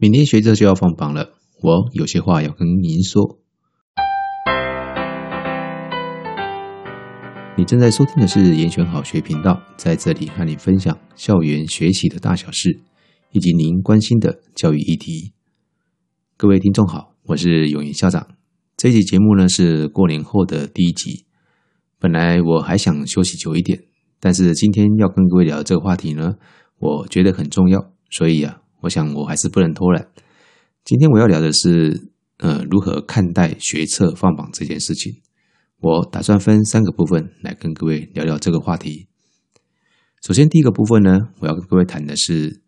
明天學測就要放榜了，我有些話要跟您說。你正在收聽的是“嚴選好學”頻道，在這裡和您分享校園學習的大小事，以及您關心的教育議題。各位聽眾好，我是永言校長。這集節目呢是過年後的第一集。本來我還想休息久一點，但是今天要跟各位聊這個話題呢，我覺得很重要，所以啊。我想我還是不能偷懶。今天我要聊的是，呃，如何看待學測放榜這件事情。我打算分三個部分來跟各位聊聊這個話題。首先，第一個部分呢，我要跟各位談的是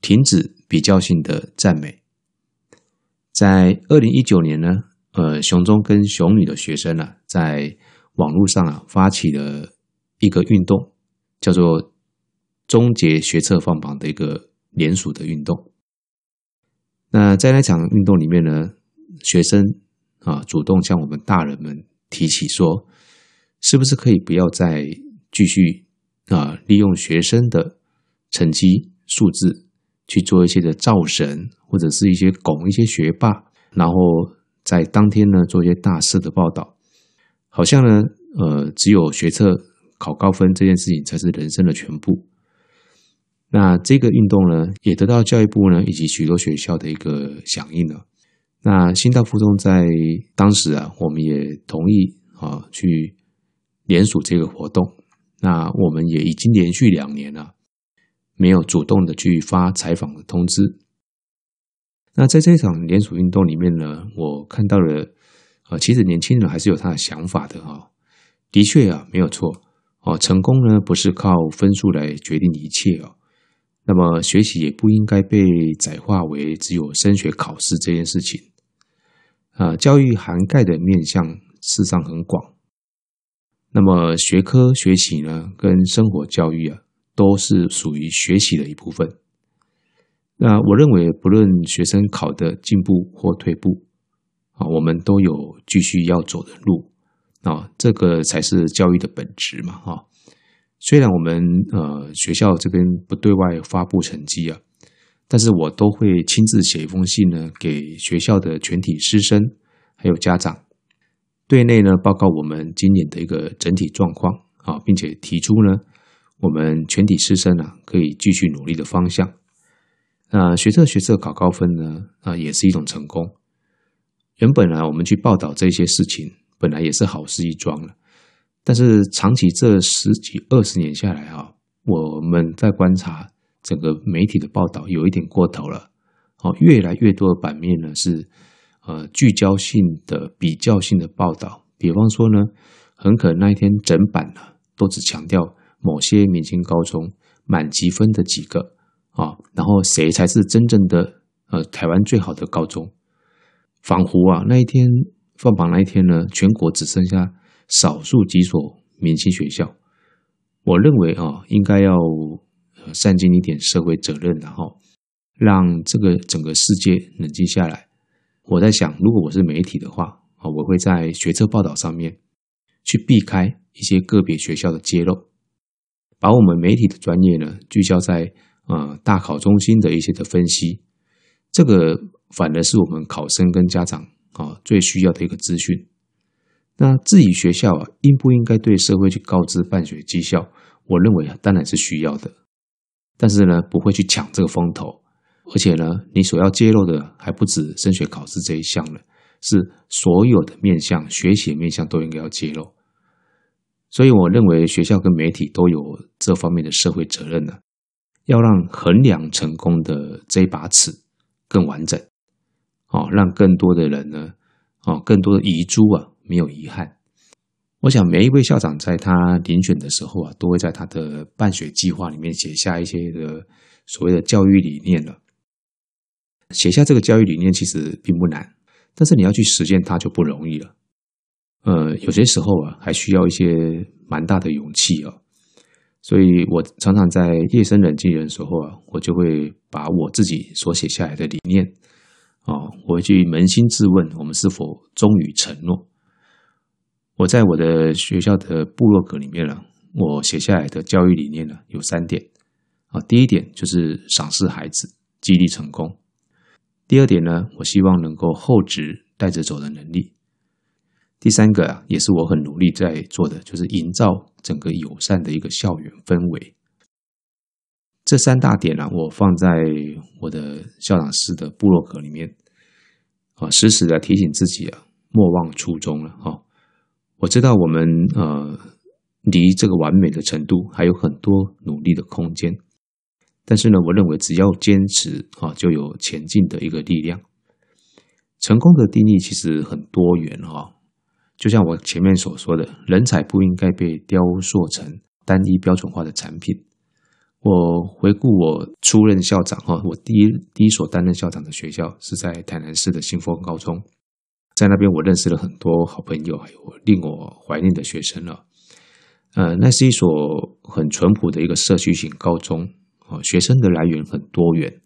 停止比較性的讚美。在二零一九年呢，呃，雄中跟雄女的學生呢、啊，在網絡上啊，發起了一個運動，叫做“終結學測放榜”的一個。連署的運動。那在那場運動裡面呢，學生啊主動向我們大人們提起說，是不是可以不要再繼續啊利用學生的成績數字去做一些的造神，或者是一些拱一些學霸，然後在當天呢做一些大事的報道，好像呢呃只有學測考高分這件事情才是人生的全部。那這個運動呢，也得到教育部呢以及許多學校的一個響應了。那新大附中在當時啊，我們也同意啊去聯署這個活動。那我們也已經連續兩年了，沒有主動的去發採訪的通知。那在這場聯署運動裡面呢，我看到了啊，其實年輕人還是有他的想法的啊。的確啊，沒有錯哦，成功呢不是靠分數來決定一切哦。那麼學習也不應該被窄化為只有升學考試這件事情，啊，教育涵蓋的面向事實上很廣。那麼學科學習呢，跟生活教育啊，都是屬於學習的一部分。那我認為，不論學生考得進步或退步，啊，我們都有繼續要走的路，啊，這個才是教育的本質嘛，哈。雖然我們呃學校這邊不對外發布成績啊，但是我都會親自寫一封信呢，給學校的全體師生還有家長，對內呢報告我們今年的一個整體狀況啊，並且提出呢我們全體師生啊可以繼續努力的方向。那學測學測考高分呢啊也是一種成功。原本呢，啊，我們去報道這些事情，本來也是好事一樁了。但是，長期這十幾二十年下來啊，我們在觀察整個媒體的報道有一點過頭了。越來越多的版面呢是，呃，聚焦性的、比較性的報道。比方說呢，很可能那一天整版呢、啊、都只強調某些明星高中滿級分的幾個啊，然後誰才是真正的呃台灣最好的高中？仿佛啊那一天放榜那一天呢，全國只剩下。少數幾所明星學校，我認為啊，應該要善盡一點社會責任，然後讓這個整個世界冷靜下來。我在想，如果我是媒體的話啊，我會在學測報道上面去避開一些個別學校的揭露，把我們媒體的專業呢聚焦在呃大考中心的一些的分析，這個反而是我們考生跟家長啊最需要的一個資訊。那自己學校啊，應不應該對社會去告知辦學績效？我認為啊，當然是需要的。但是呢，不會去搶這個風頭，而且呢，你所要揭露的還不止升學考試這一項了，是所有的面向、學習的面向都應該要揭露。所以我認為，學校跟媒體都有這方面的社會責任呢，啊，要讓衡量成功的這一把尺更完整，哦，讓更多的人呢，哦，更多的遺珠啊。沒有遺憾。我想，每一位校長在他遴選的時候啊，都會在他的辦學計劃裡面寫下一些的所謂的教育理念了、啊。寫下這個教育理念其實並不難，但是你要去實踐它就不容易了。呃，有些時候啊，還需要一些蠻大的勇氣哦、啊。所以我常常在夜深人靜的時候啊，我就會把我自己所寫下來的理念啊、哦，我會去捫心自問：我們是否忠於承諾？我在我的學校的部落格裡面呢、啊，我寫下來的教育理念呢、啊、有三點啊。第一點就是賞識孩子，激勵成功。第二點呢，我希望能夠厚植帶着走的能力。第三個啊，也是我很努力在做的，就是營造整個友善的一個校園氛圍。這三大點呢、啊，我放在我的校長室的部落格裡面啊，時時的提醒自己啊，莫忘初衷了哈。我知道我們呃離這個完美的程度還有很多努力的空間，但是呢，我認為只要堅持啊、哦、就有前進的一個力量。成功的定義其實很多元哈、哦，就像我前面所說的，人才不應該被雕塑成單一標準化的產品。我回顧我初任校長哈，我第一第一所擔任校長的學校是在台南市的新豐高中。在那邊，我認識了很多好朋友，還有令我懷念的學生了、哦。呃，那是一所很淳樸的一個社區型高中，啊、哦，學生的來源很多元。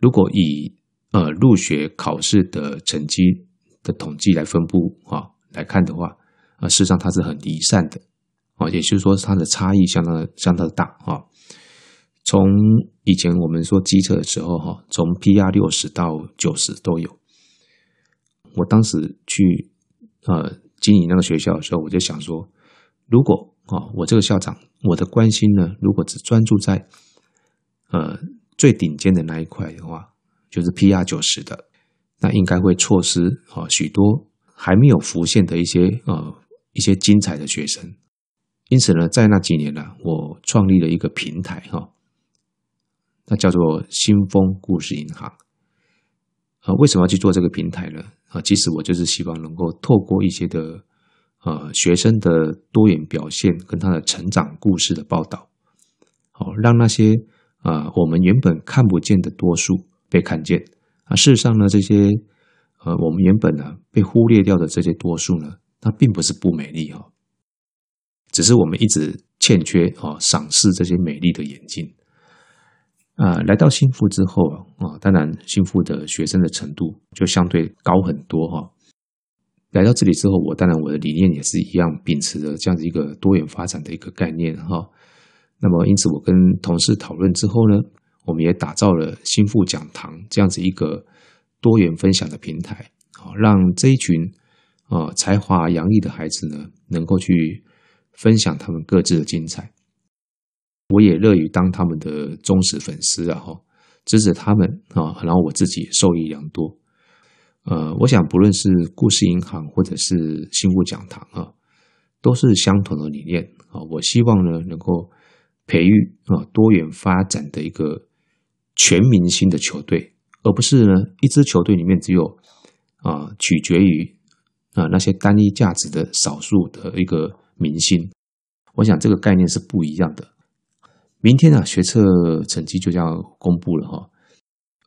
如果以呃入學考試的成績的統計來分布啊、哦、來看的話，啊、呃，事實上它是很離散的，啊、哦，也就是說它的差異相當相當的大啊、哦。從以前我們說基測的時候，哈、哦，從 P R 六十到九十都有。我當時去，呃，經營那個學校的時候，我就想說，如果啊、哦，我這個校長我的關心呢，如果只專注在，呃，最頂尖的那一塊的話，就是 PR 九十的，那應該會錯失啊許多還沒有浮現的一些呃、哦、一些精彩的學生。因此呢，在那幾年呢，我創立了一個平台哈、哦，那叫做新風故事銀行。啊、哦，為什麼要去做這個平台呢？啊，其實我就是希望能夠透過一些的，呃，學生的多元表現跟他的成長故事的報道，好，讓那些啊我們原本看不見的多數被看見。啊，事實上呢，這些呃我們原本呢被忽略掉的這些多數呢，它並不是不美麗哦。只是我們一直欠缺哈賞識這些美麗的眼睛。啊，來到幸福之後啊，啊，當然幸福的學生的程度就相對高很多哈、啊。來到這裡之後，我當然我的理念也是一樣，秉持着這樣子一個多元發展的一個概念哈、啊。那麼因此，我跟同事討論之後呢，我們也打造了幸福講堂這樣子一個多元分享的平台，啊，讓這一群啊才華洋溢的孩子呢，能夠去分享他們各自的精彩。我也樂於當他們的忠實粉絲啊，哈，支持他們啊，然後我自己受益良多。呃，我想不論是故事銀行或者是新物講堂啊，都是相同的理念啊。我希望呢，能夠培育啊多元發展的一個全明星的球隊，而不是呢一支球隊裡面只有啊取決於啊那些單一價值的少數的一個明星。我想這個概念是不一樣的。明天啊，學測成績就要公布了哈、哦。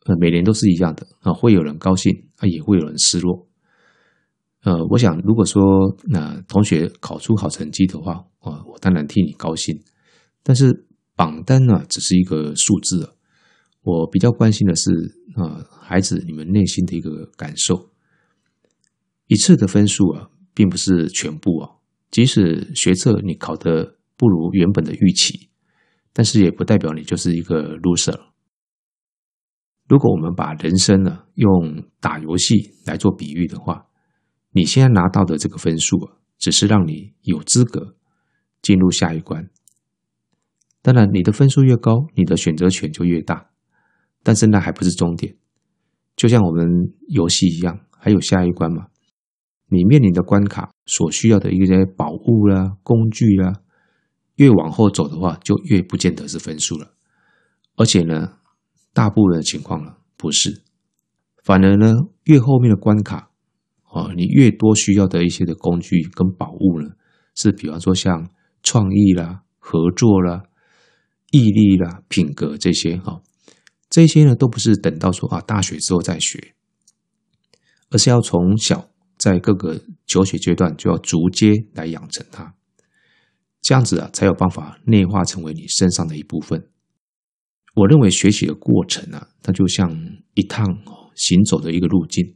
呃，每年都是一樣的啊，會有人高興啊，也會有人失落。呃，我想，如果說那、啊、同學考出好成績的話，我、啊、我當然替你高興。但是榜單呢、啊，只是一個數字啊。我比較關心的是啊，孩子你們內心的一個感受。一次的分數啊，並不是全部哦、啊。即使學測你考得不如原本的預期。但是也不代表你就是一個 loser。如果我們把人生呢、啊、用打遊戲來做比喻的話，你現在拿到的這個分數啊，只是讓你有資格進入下一關。當然，你的分數越高，你的選擇權就越大。但是那還不是終點，就像我們遊戲一樣，還有下一關嘛。你面臨的關卡所需要的一些寶物啦、工具啦、啊。越往後走的話，就越不見得是分數了，而且呢，大部分的情況了不是，反而呢，越後面的關卡，啊、哦，你越多需要的一些的工具跟寶物呢，是比方說像創意啦、合作啦、毅力啦、品格這些，好、哦，這些呢都不是等到說啊大學之後再學，而是要從小在各個求學階段就要逐階來養成它。這樣子啊，才有辦法內化成為你身上的一部分。我認為學習的過程啊，它就像一趟行走的一個路徑。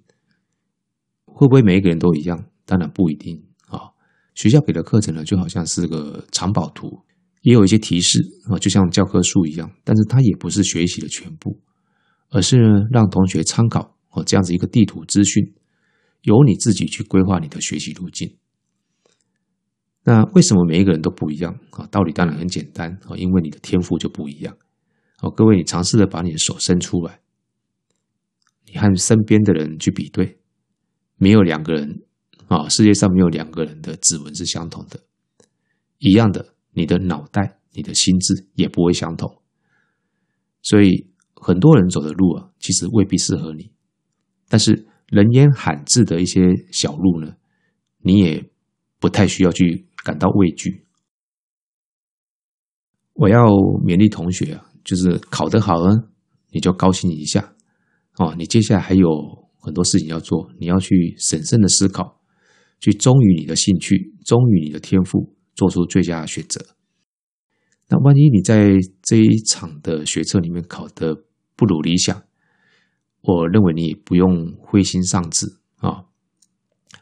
會不會每一個人都一樣？當然不一定啊、哦。學校給的課程呢，就好像是個藏寶圖，也有一些提示啊、哦，就像教科書一樣。但是它也不是學習的全部，而是呢，讓同學參考哦這樣子一個地圖資訊，由你自己去規劃你的學習路徑。那為什麼每一個人都不一樣啊？道理當然很簡單啊，因為你的天賦就不一樣啊。各位，你嘗試著把你的手伸出來，你和身邊的人去比對，沒有兩個人啊，世界上沒有兩個人的指紋是相同的，一樣的，你的腦袋、你的心智也不會相同。所以很多人走的路啊，其實未必適合你，但是人煙罕至的一些小路呢，你也不太需要去感到畏懼，我要勉勵同學啊，就是考得好呢，你就高興一下，哦，你接下來還有很多事情要做，你要去審慎的思考，去忠於你的興趣，忠於你的天賦，做出最佳的選擇。那萬一你在這一場的學測裡面考得不如理想，我認為你不用灰心喪志啊、哦，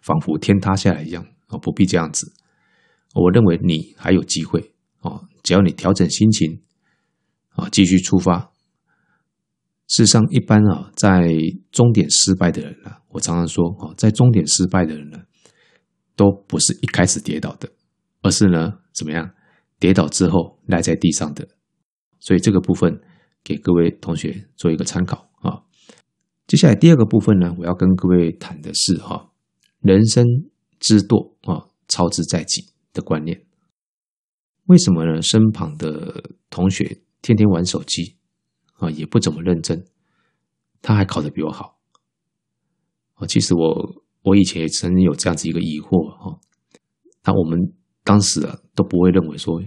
仿佛天塌下來一樣啊，不必這樣子。我認為你還有機會哦，只要你調整心情啊，繼續出發。事實上，一般啊，在終點失敗的人呢、啊，我常常說哦，在終點失敗的人呢，都不是一開始跌倒的，而是呢，怎麼樣跌倒之後賴在地上的。所以這個部分給各位同學做一個參考啊。接下來第二個部分呢，我要跟各位談的是哈、啊，人生之舵啊，操之在己。的觀念，為什麼呢？身旁的同學天天玩手機，啊，也不怎麼認真，他還考得比我好，啊，其實我我以前也曾有這樣子一個疑惑哈。那我們當時啊都不會認為說，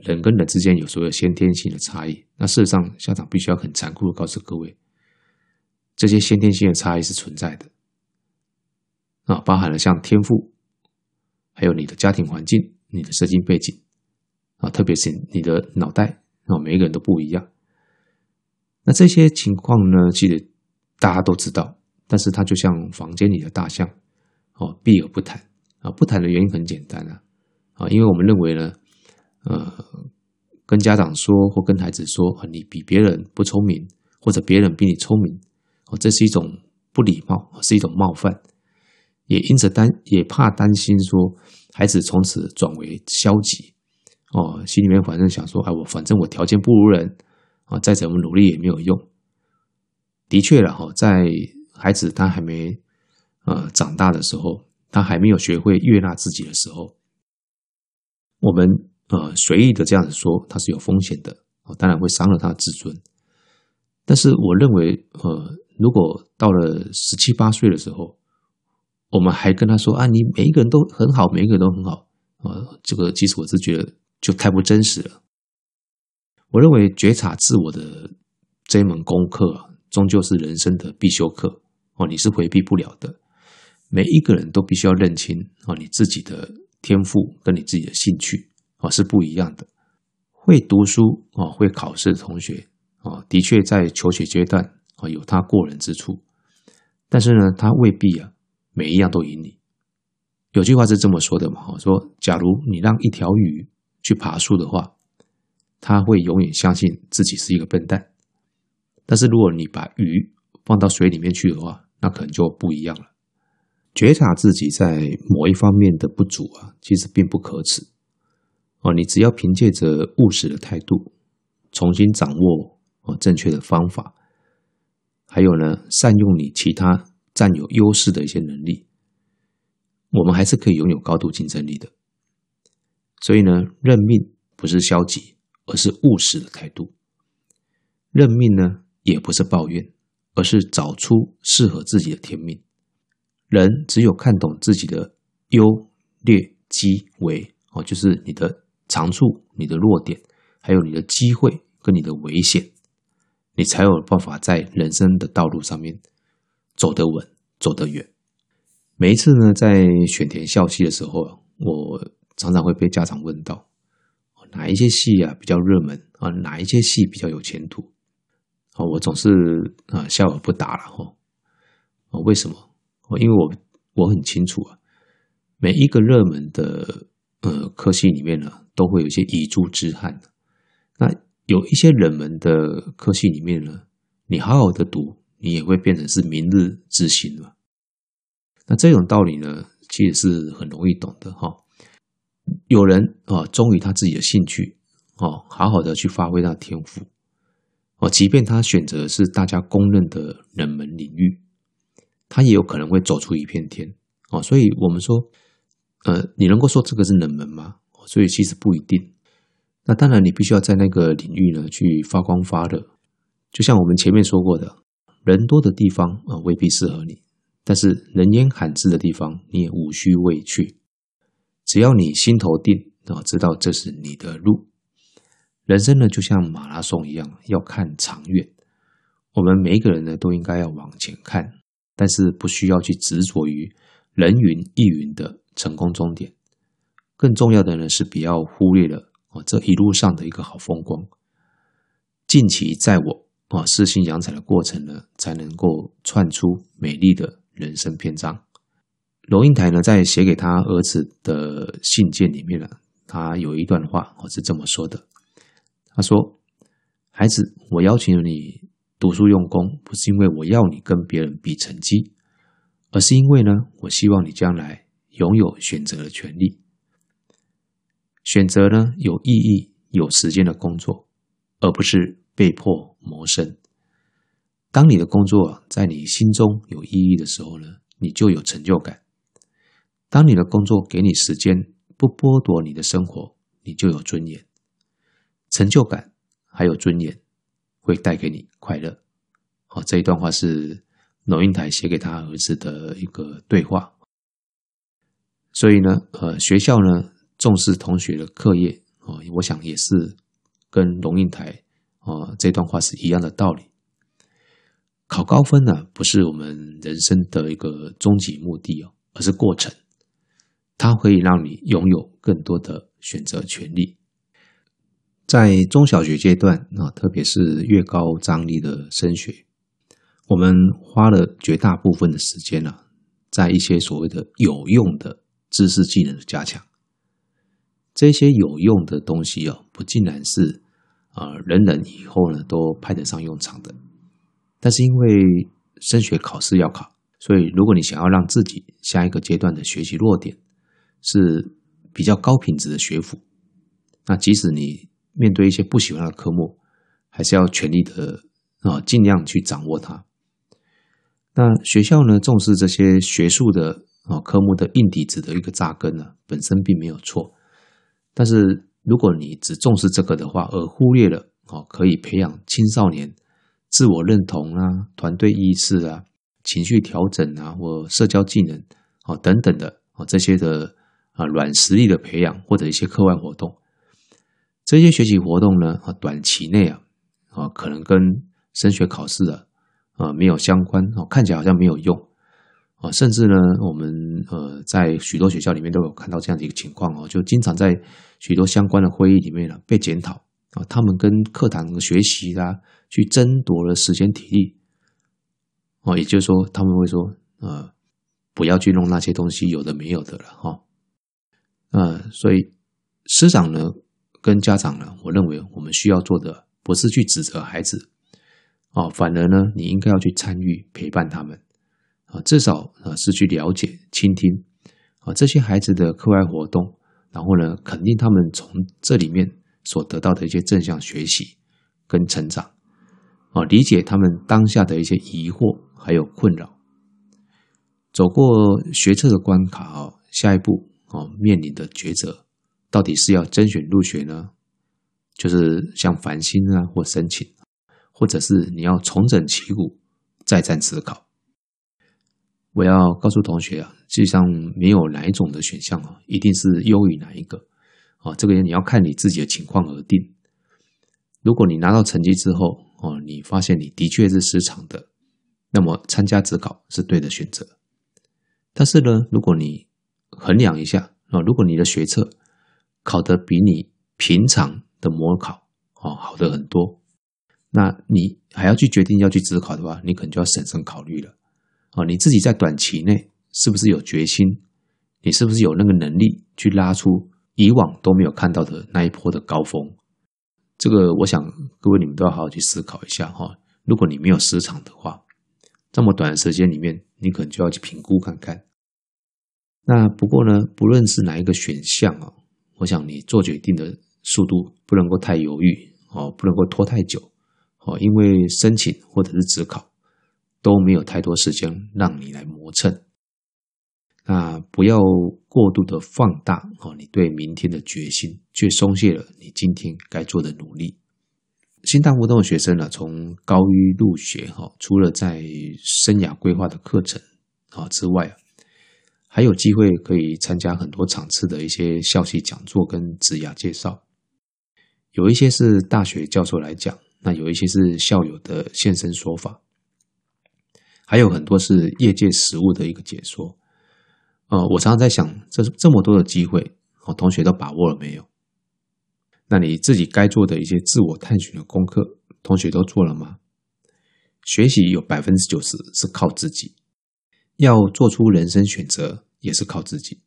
人跟人之間有所有先天性的差異。那事實上，家長必須要很殘酷的告訴各位，這些先天性的差異是存在的，啊，包含了像天賦。還有你的家庭環境、你的設計背景啊，特別是你的腦袋啊，每一個人都不一樣。那這些情況呢，其實大家都知道，但是它就像房間裡的大象，哦，避而不談啊。不談的原因很簡單啊啊，因為我們認為呢，呃，跟家長說或跟孩子說，你比別人不聰明，或者別人比你聰明，哦，這是一種不禮貌，是一種冒犯。也因此擔也怕擔心說孩子從此轉為消極哦，心裡面反正想說，哎，我反正我條件不如人啊、哦，再怎麼努力也沒有用。的確了哈、哦，在孩子他還沒呃長大的時候，他還沒有學會悅納自己的時候，我們呃隨意的這樣子說他是有風險的哦，當然會傷了他的自尊。但是我認為，呃，如果到了十七八歲的時候，我們還跟他說啊，你每一個人都很好，每一個人都很好啊、哦。這個其實我是覺得就太不真實了。我認為覺察自我的這一門功課啊，終究是人生的必修課哦，你是回避不了的。每一個人都必須要認清啊、哦，你自己的天賦跟你自己的興趣啊、哦，是不一樣的。會讀書啊、哦，會考試的同學啊、哦，的確在求學階段啊、哦，有他過人之處，但是呢，他未必啊。每一樣都贏你。有句話是這麼說的嘛？說，假如你讓一條魚去爬樹的話，它會永遠相信自己是一個笨蛋。但是如果你把魚放到水裡面去的話，那可能就不一樣了。覺察自己在某一方面的不足啊，其實並不可恥。哦，你只要憑借着務實的態度，重新掌握哦，正確的方法，還有呢，善用你其他。佔有優勢的一些能力，我們還是可以擁有高度競爭力的。所以呢，認命不是消極，而是務實的態度；認命呢，也不是抱怨，而是找出適合自己的天命。人只有看懂自己的優劣、機危，哦，就是你的長處、你的弱點，還有你的機會跟你的危險，你才有辦法在人生的道路上面，走得穩，走得遠。每一次呢，在選填校系的時候啊，我常常會被家長問到：哪一些系啊比較熱門啊？哪一些系比較有前途？哦，我總是啊笑而不答了吼。哦，為什麼？哦，因為我我很清楚啊，每一個熱門的呃科系裡面呢、啊，都會有一些遺珠之憾。那有一些冷門的科系裡面呢，你好好的讀。你也會變成是明日之星了。那這種道理呢，其實是很容易懂的哈。有人啊，忠於他自己的興趣哦，好好的去發揮他的天賦哦，即便他選擇是大家公認的冷門領域，他也有可能會走出一片天哦。所以我們說，呃，你能夠說這個是冷門嗎？所以其實不一定。那當然，你必須要在那個領域呢去發光發熱，就像我們前面說過的。人多的地方啊，未必適合你，但是人煙罕至的地方，你也無需畏懼。只要你心頭定啊，知道這是你的路。人生呢，就像馬拉松一樣，要看長遠。我們每一個人呢，都應該要往前看，但是不需要去執着於人云亦云的成功終點。更重要的呢，是不要忽略了哦這一路上的一個好風光。盡其在我。啊，適性揚才的過程呢，才能夠串出美麗的人生篇章。龍應台呢，在寫給他兒子的信件裡面呢，他有一段話，我是這麼說的，他說，孩子，我要求你讀書用功，不是因為我要你跟別人比成績，而是因為呢，我希望你將來擁有選擇的權利，選擇呢有意義、有時間的工作，而不是被迫。魔神，當你的工作在你心中有意義的時候呢，你就有成就感；當你的工作給你時間，不剝奪你的生活，你就有尊嚴。成就感還有尊嚴，會帶給你快樂。哦，這一段話是龍應台寫給他兒子的一個對話。所以呢，呃，學校呢重視同學的課業啊，哦，我想也是跟龍應台。哦，這段話是一樣的道理。考高分呢、啊，不是我們人生的一個終極目的哦，而是過程。它可以讓你擁有更多的選擇權利。在中小學階段啊，特別是越高張力的升學，我們花了絕大部分的時間呢、啊，在一些所謂的有用的知識技能的加強。這些有用的東西哦、啊，不盡然是。呃，人人以後呢都派得上用場的，但是因為升學考試要考，所以如果你想要讓自己下一個階段的學習落點是比較高品質的學府，那即使你面對一些不喜歡的科目，還是要全力的啊，盡量去掌握它。那學校呢重視這些學術的啊科目的硬底子的一個扎根呢、啊，本身並沒有錯，但是。如果你只重視這個的話，而忽略了哦，可以培養青少年自我認同啊、團隊意識啊、情緒調整啊或社交技能啊等等的啊這些的啊軟實力的培養或者一些課外活動，這些學習活動呢啊短期內啊啊可能跟升學考試啊啊沒有相關哦，看起來好像沒有用。啊，甚至呢，我們呃，在許多學校裡面都有看到這樣的一個情況哦，就經常在許多相關的會議裡面呢被檢討啊，他們跟課堂學習啦、啊、去爭奪了時間體力哦，也就是說他們會說，呃，不要去弄那些東西，有的沒有的了哈，嗯、哦呃，所以師長呢跟家長呢，我認為我們需要做的不是去指責孩子哦，反而呢，你應該要去參與陪伴他們。啊，至少啊是去了解、傾聽啊這些孩子的課外活動，然後呢，肯定他們從這裡面所得到的一些正向學習跟成長，啊，理解他們當下的一些疑惑還有困擾，走過學測的關卡，哦，下一步哦面臨的抉擇，到底是要甄選入學呢，就是像繁星啊或申請，或者是你要重整旗鼓再戰指考。我要告訴同學啊，實際上沒有哪一種的選項啊，一定是優於哪一個啊。這個你要看你自己的情況而定。如果你拿到成績之後哦，你發現你的確是失常的，那麼參加指考是對的選擇。但是呢，如果你衡量一下，那如果你的學測考得比你平常的模考哦好得很多，那你還要去決定要去指考的話，你可能就要慎重考慮了。哦，你自己在短期內是不是有決心？你是不是有那個能力去拉出以往都沒有看到的那一波的高峰？這個，我想各位你們都要好好去思考一下哈。如果你沒有時長的話，這麼短的時間裡面，你可能就要去評估看看。那不過呢，不論是哪一個選項啊，我想你做決定的速度不能夠太猶豫哦，不能夠拖太久哦，因為申請或者是指考。都沒有太多時間讓你來磨蹭，那不要過度的放大哦，你對明天的決心，卻鬆懈了你今天該做的努力。新大活動的學生呢，從高一入學哈，除了在生涯規劃的課程啊之外，還有機會可以參加很多場次的一些校系講座跟職涯介紹，有一些是大學教授來講，那有一些是校友的現身說法。還有很多是業界實務的一個解說，呃，我常常在想，這這麼多的機會，我、哦、同學都把握了沒有？那你自己該做的一些自我探尋的功課，同學都做了嗎？學習有百分之九十是靠自己，要做出人生選擇也是靠自己。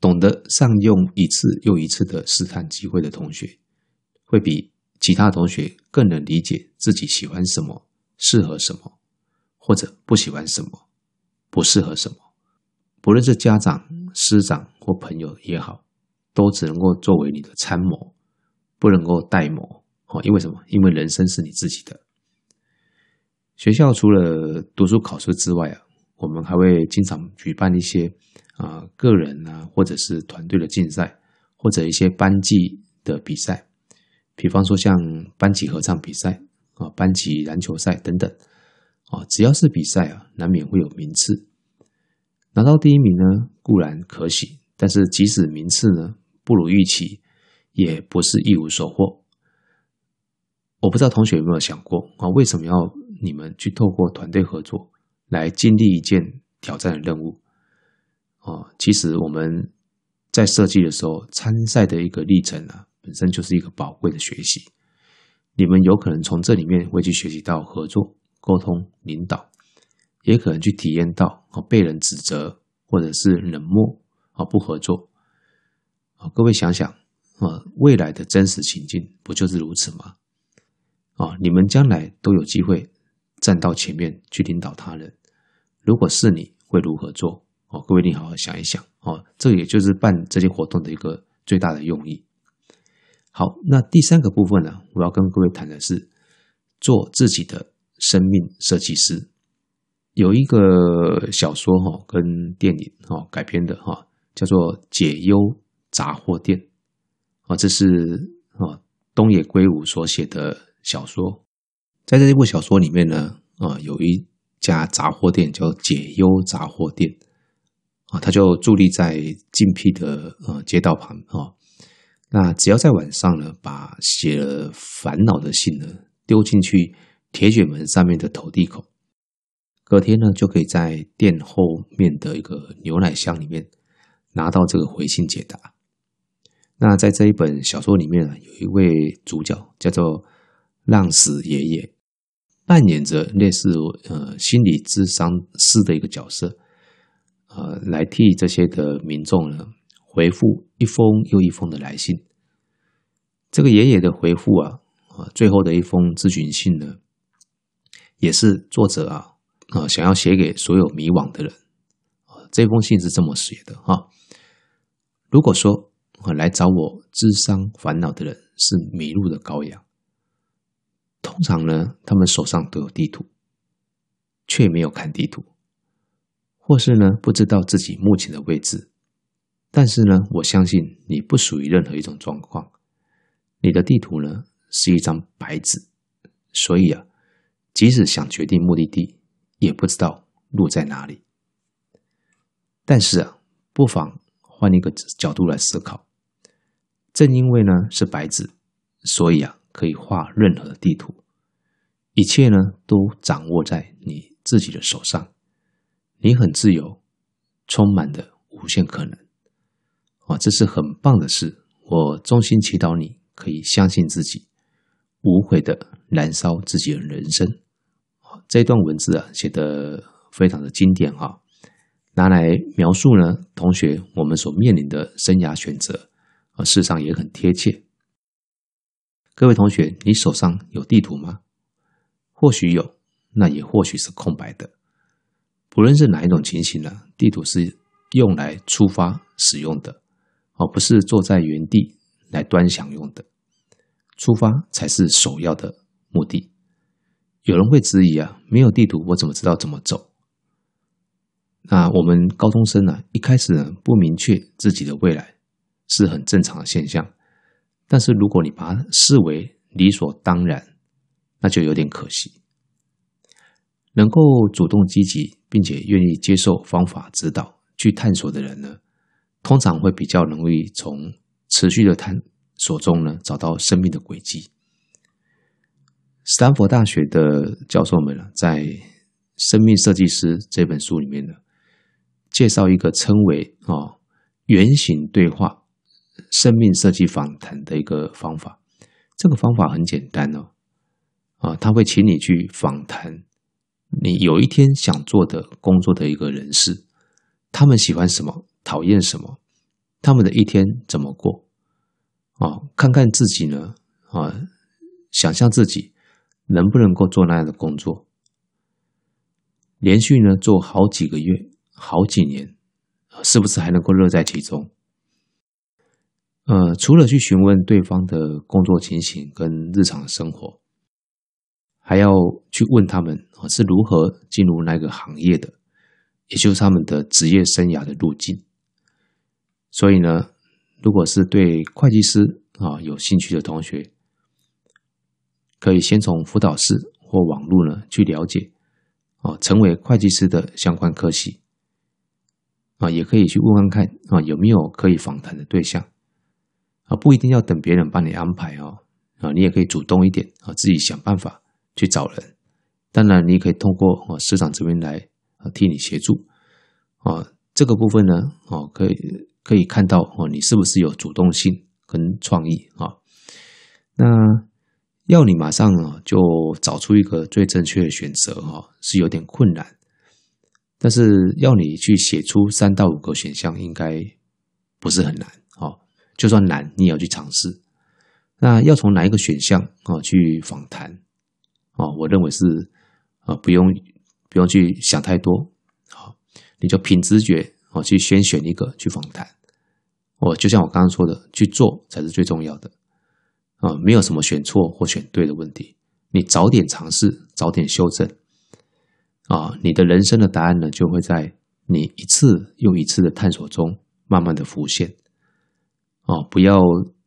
懂得善用一次又一次的試探機會的同學，會比其他同學更能理解自己喜歡什麼，適合什麼。或者不喜歡什麼，不適合什麼，不論是家長、師長或朋友也好，都只能夠作為你的參謀，不能夠代謀。哦，因為什麼？因為人生是你自己的。學校除了讀書考試之外啊，我們還會經常舉辦一些啊、呃、個人啊或者是團隊的競賽，或者一些班級的比賽，比方說像班級合唱比賽啊、呃、班級籃球賽等等。啊，只要是比賽啊，難免會有名次。拿到第一名呢，固然可喜；但是即使名次呢，不如預期，也不是一無所獲。我不知道同學有沒有想過啊，為什麼要你們去透過團隊合作來經歷一件挑戰的任務？啊，其實我們在設計的時候，參賽的一個歷程啊，本身就是一個寶貴的學習。你們有可能從這裡面會去學習到合作、溝通、領導，也可能去體驗到被人指責，或者是冷漠啊，不合作啊。各位想想啊，未來的真實情境不就是如此嗎？啊，你們將來都有機會站到前面去領導他人，如果是你會如何做？哦，各位你好好想一想哦。這也就是辦這些活動的一個最大的用意。好，那第三個部分呢，啊，我要跟各位談的是做自己的。生命設計師，有一個小說哈，跟電影哈改編的哈，叫做《解憂雜貨店》啊。這是啊東野圭吾所寫的小說，在這部小說裡面呢啊，有一家雜貨店叫解憂雜貨店啊，它就佇立在靜僻的呃街道旁啊。那只要在晚上呢，把寫了煩惱的信呢丟進去。鐵捲門上面的投遞口，隔天呢就可以在店後面的一個牛奶箱裡面拿到這個回信解答。那在這一本小說裡面呢、啊，有一位主角叫做浪矢爺爺，扮演着類似呃心理諮商師的一個角色，呃，來替這些的民眾呢回復一封又一封的來信。這個爺爺的回復啊啊，最後的一封諮詢信呢，也是作者啊啊想要寫給所有迷惘的人這封信是這麼寫的哈。如果說我來找我諮商煩惱的人是迷路的羔羊，通常呢他們手上都有地圖，却沒有看地圖，或是呢不知道自己目前的位置。但是呢我相信你不屬於任何一種狀況，你的地圖呢是一張白紙，所以啊。即使想決定目的地，也不知道路在哪裡。但是啊，不妨換一個角度來思考。正因為呢是白紙，所以啊可以畫任何的地圖。一切呢都掌握在你自己的手上，你很自由，充滿的無限可能。啊，這是很棒的事。我衷心祈禱你可以相信自己。無悔的燃燒自己的人生，這段文字啊，寫得非常的經典哈，拿來描述呢，同學我們所面臨的生涯選擇啊，事實上也很貼切。各位同學，你手上有地圖嗎？或許有，那也或許是空白的。不論是哪一種情形呢，地圖是用來出發使用的，而不是坐在原地來端詳用的。出發才是首要的目的。有人會質疑啊，沒有地圖，我怎麼知道怎麼走？那我們高中生呢、啊，一開始呢不明確自己的未來是很正常的現象。但是如果你把它視為理所當然，那就有點可惜。能夠主動積極，並且願意接受方法指導去探索的人呢，通常會比較容易從持續的探。所中呢，找到生命的軌跡。斯坦福大學的教授們呢、啊，在《生命設計師》這本書裡面呢，介紹一個稱為“啊、哦、原型對話生命設計訪談”的一個方法。這個方法很簡單哦，啊、哦，他會請你去訪談你有一天想做的工作的一個人士，他們喜歡什麼，討厭什麼，他們的一天怎麼過。啊，看看自己呢，啊，想象自己能不能夠做那樣的工作，連續呢做好幾個月、好幾年，是不是還能夠樂在其中？呃，除了去詢問對方的工作情形跟日常生活，還要去問他們啊是如何進入那個行業的，也就是他們的職業生涯的路徑。所以呢。如果是對會計師啊有興趣的同學，可以先從輔導室或網絡呢去了解，啊，成為會計師的相關科系，啊，也可以去問問看啊有沒有可以訪談的對象，啊，不一定要等別人幫你安排哦，啊，你也可以主動一點啊，自己想辦法去找人，當然你可以通過師長這邊來啊替你協助，啊，這個部分呢，啊，可以。可以看到哦，你是不是有主動性跟創意啊？那要你馬上就找出一個最正確的選擇哈，是有點困難。但是要你去寫出三到五個選項，應該不是很難啊。就算難，你也要去嘗試。那要從哪一個選項啊去訪談啊？我認為是啊，不用不用去想太多，好，你就憑直覺。我、哦、去先選一個去訪談，我、哦、就像我剛剛說的，去做才是最重要的啊、哦！沒有什麼選錯或選對的問題，你早點嘗試，早點修正啊、哦！你的人生的答案呢，就會在你一次又一次的探索中慢慢的浮現啊、哦！不要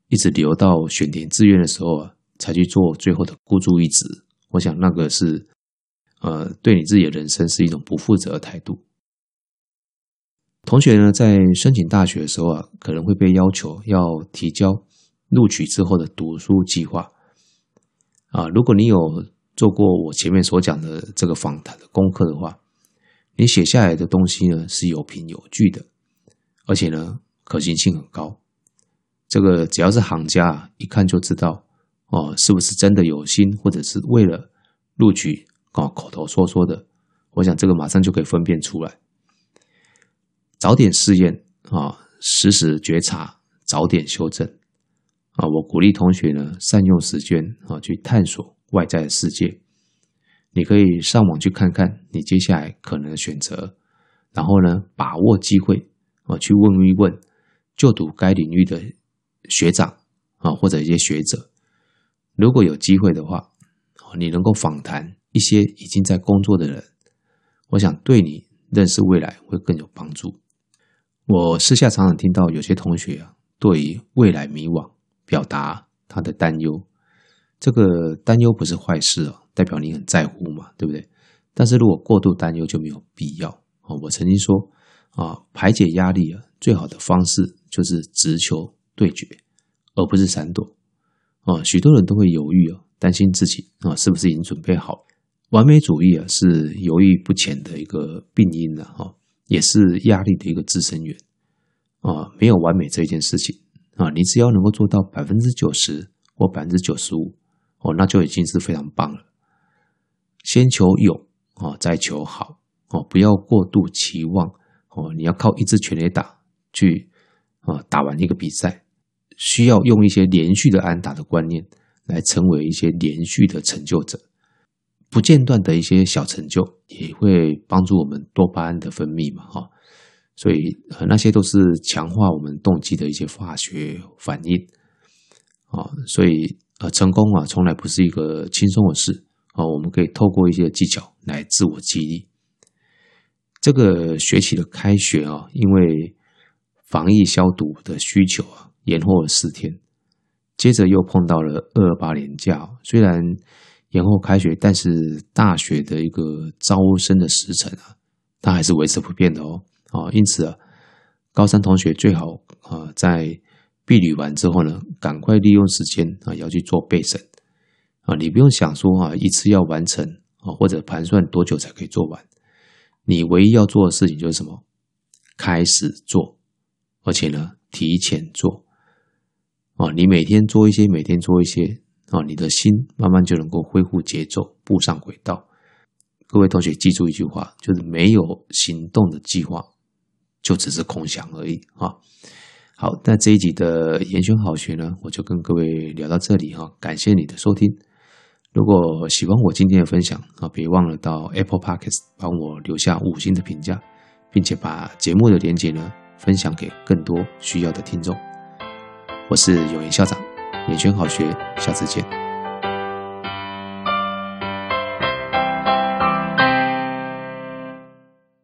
一直留到選填志願的時候啊，才去做最後的孤注一擲。我想那個是呃，對你自己的人生是一種不負責的態度。同學呢，在申請大學的時候啊，可能會被要求要提交錄取之後的讀書計劃啊。如果你有做過我前面所講的這個訪談的功課的話，你寫下來的東西呢，是有憑有據的，而且呢可行性很高。這個只要是行家一看就知道哦，是不是真的有心，或者是為了錄取啊，口頭說說的。我想這個馬上就可以分辨出來。早點試驗啊，實時覺察，早點修正啊！我鼓勵同學呢，善用時間啊，去探索外在的世界。你可以上網去看看你接下來可能的選擇，然後呢，把握機會啊，去問一問就讀該領域的學長啊，或者一些學者。如果有機會的話，你能夠訪談一些已經在工作的人，我想對你認識未來會更有幫助。我私下常常聽到有些同學啊，對於未來迷惘，表達他的擔憂。這個擔憂不是壞事啊，代表你很在乎嘛，對不對？但是如果過度擔憂就沒有必要啊。我曾經說啊，排解壓力啊，最好的方式就是直球對決，而不是閃躲。哦，許多人都會猶豫哦，啊，擔心自己啊，是不是已經準備好了？完美主義啊，是猶豫不前的一個病因的哈。也是壓力的一個滋生源啊，沒有完美這一件事情啊，你只要能夠做到百分之九十或百分之九十五哦，那就已經是非常棒了。先求有啊，再求好哦，不要過度期望哦。你要靠一支全壘打去啊，打完一個比賽，需要用一些連續的安打的觀念來成為一些連續的成就者。不間斷的一些小成就也會幫助我們多巴胺的分泌嘛，哈，所以那些都是強化我們動機的一些化學反應啊，所以呃成功啊從來不是一個輕鬆的事啊，我們可以透過一些技巧來自我激勵。這個學期的開學啊，因為防疫消毒的需求啊，延後了四天，接着又碰到了二二八連假，雖然延後開學，但是大學的一個招生的時程啊，它還是維持不變的哦。啊、哦，因此啊，高三同學最好啊、呃，在畢旅完之後呢，趕快利用時間啊、呃，要去做備審啊、哦。你不用想說啊，一次要完成啊，或者盤算多久才可以做完。你唯一要做的事情就是什麼？開始做，而且呢，提前做。啊、哦，你每天做一些，每天做一些。哦，你的心慢慢就能夠恢復節奏，步上軌道。各位同學，記住一句話，就是沒有行動的計劃，就只是空想而已。哈，好，那這一集的研學好學呢，我就跟各位聊到這裡哈。感謝你的收聽。如果喜歡我今天的分享，啊，別忘了到 Apple Podcast 幫我留下五星的評價，並且把節目的連結呢分享給更多需要的聽眾。我是永言校長。也均好學，下次見。